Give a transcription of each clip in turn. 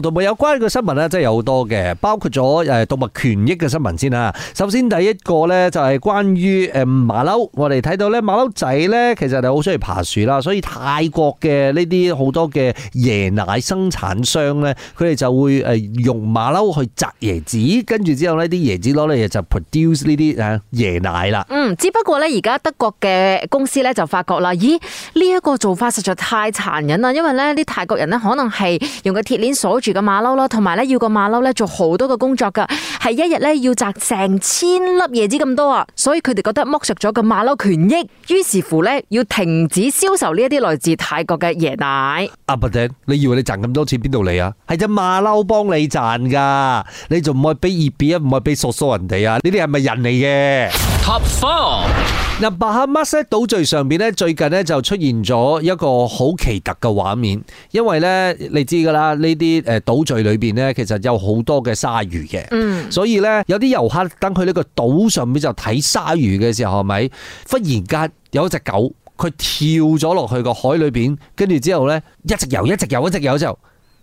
度度有關嘅新聞咧，真係有好多嘅，包括咗誒動物權益嘅新聞先啦。首先第一個咧就係關於誒馬騮，我哋睇到咧馬騮仔咧，其實係好鍾意爬樹啦。所以泰國嘅呢啲好多嘅椰奶生產商咧，佢哋就會誒用馬騮去摘椰子，跟住之後呢啲椰子攞嚟就 produce 呢啲啊椰奶啦。嗯，只不過咧而家德國嘅公司咧就發覺啦，咦呢一個做法實在太殘忍啦，因為咧啲泰國人咧可能係用個鐵鏈鎖住個馬騮啦，同埋咧要個馬騮咧做好多嘅工作噶，係一日咧要摘成千粒椰子咁多啊，所以佢哋覺得剝削咗個馬騮權益，於是乎咧要停止銷售呢一啲來自泰國嘅椰奶。阿伯丁，你以為你賺咁多錢邊度嚟啊？係隻馬騮幫你賺噶，你仲唔可以俾二邊啊？唔可以俾索索人哋啊？呢啲係咪人嚟嘅？Top Four 嗱，巴哈馬島最上邊咧，最近咧就出現咗一個好奇特嘅畫面，因為咧你知噶啦，呢啲誒島嶼裏邊咧，其實有好多嘅鯊魚嘅，嗯，所以咧有啲遊客等佢呢個島上邊就睇鯊魚嘅時候，係咪忽然間有一隻狗佢跳咗落去個海裏邊，跟住之後咧一直游，一直游，一直游之後。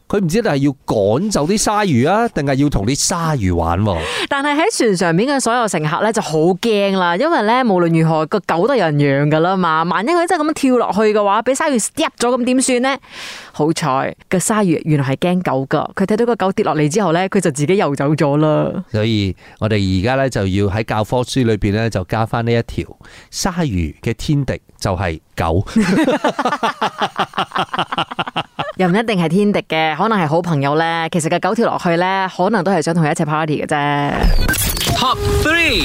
佢唔知道係要趕走啲鯊魚啊，定係要同啲鯊魚玩啊？但係喺船上面嘅所有乘客咧就好驚啦，因為咧無論如何個狗都有人養噶啦嘛，萬一佢真係咁樣跳落去嘅話，俾鯊魚嗒咗咁點算呢？好彩個鯊魚原來係驚狗噶，佢睇到個狗跌落嚟之後咧，佢就自己游走咗啦。所以我哋而家咧就要喺教科書裏邊咧就加翻呢一條，鯊魚嘅天敵就係狗。 又唔一定係天敵嘅，可能係好朋友呢。其實個狗跳落去呢，可能都係想同佢一齊 party 嘅啫。Top three，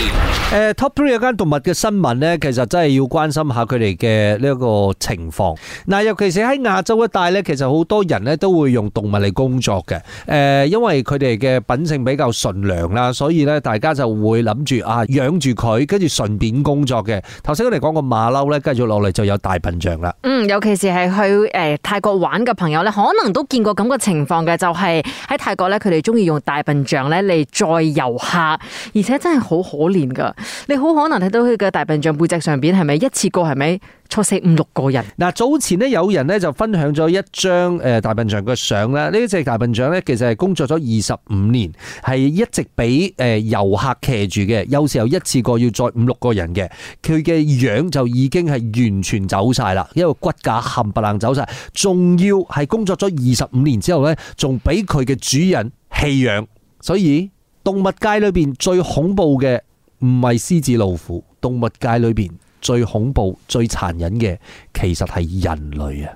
誒，Top three 有關動物嘅新聞咧，其實真係要關心下佢哋嘅呢一個情況。嗱，尤其是喺亞洲一帶咧，其實好多人咧都會用動物嚟工作嘅。誒，因為佢哋嘅品性比較純良啦，所以咧大家就會諗住啊養住佢，跟住順便工作嘅。頭先我哋講個馬騮咧，繼續落嚟就有大笨象啦。嗯，尤其是係去誒泰國玩嘅朋友咧，可能都見過咁嘅情況嘅，就係喺泰國咧，佢哋中意用大笨象咧嚟載遊客。而且真係好可憐噶，你好可能睇到佢嘅大笨象背脊上邊係咪一次過係咪錯死五六個人？嗱，早前呢，有人呢就分享咗一張誒大笨象嘅相啦。呢隻大笨象呢，其實係工作咗二十五年，係一直俾誒遊客騎住嘅。有時候一次過要再五六個人嘅，佢嘅樣就已經係完全走晒啦，因為骨架冚唪唥走晒。仲要係工作咗二十五年之後呢，仲俾佢嘅主人棄養，所以。動物界裏邊最恐怖嘅唔係獅子老虎，動物界裏邊最恐怖、最殘忍嘅其實係人類啊。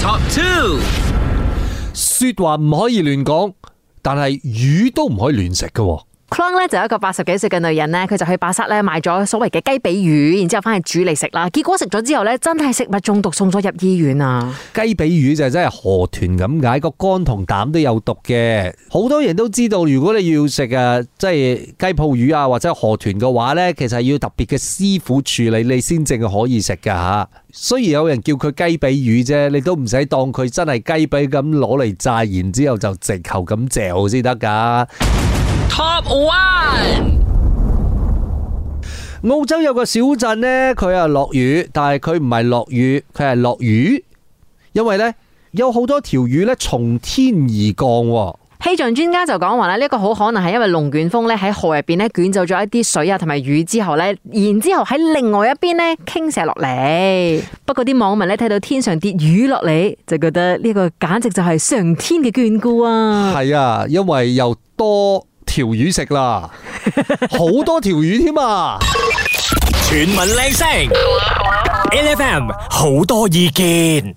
Top two，說話唔可以亂講，但係魚都唔可以亂食噶。c l a n 咧就有一個八十幾歲嘅女人咧，佢就去巴沙咧買咗所謂嘅雞髀魚，然之後翻去煮嚟食啦。結果食咗之後咧，真係食物中毒，送咗入醫院啊！雞髀魚就真係河豚咁解，個肝同膽都有毒嘅。好多人都知道，如果你要食啊，即係雞泡魚啊或者河豚嘅話咧，其實要特別嘅師傅處理你先正可以食噶吓。雖然有人叫佢雞髀魚啫，你都唔使當佢真係雞髀咁攞嚟炸，然之後就直頭咁嚼先得噶。Top One，澳洲有個小鎮呢佢啊，落雨，但係佢唔係落雨，佢係落雨，因為呢有好多條魚呢從天而降，哦。氣象專家就講話啦，呢個好可能係因為龍捲風呢喺河入邊呢捲走咗一啲水啊同埋魚之後呢，然之後喺另外一邊呢傾瀉落嚟。不過啲網民呢睇到天上跌雨落嚟，就覺得呢個簡直就係上天嘅眷顧啊！係啊，因為又多。條 魚食啦，好多條魚添啊！全民靚聲，LFM，好多意見。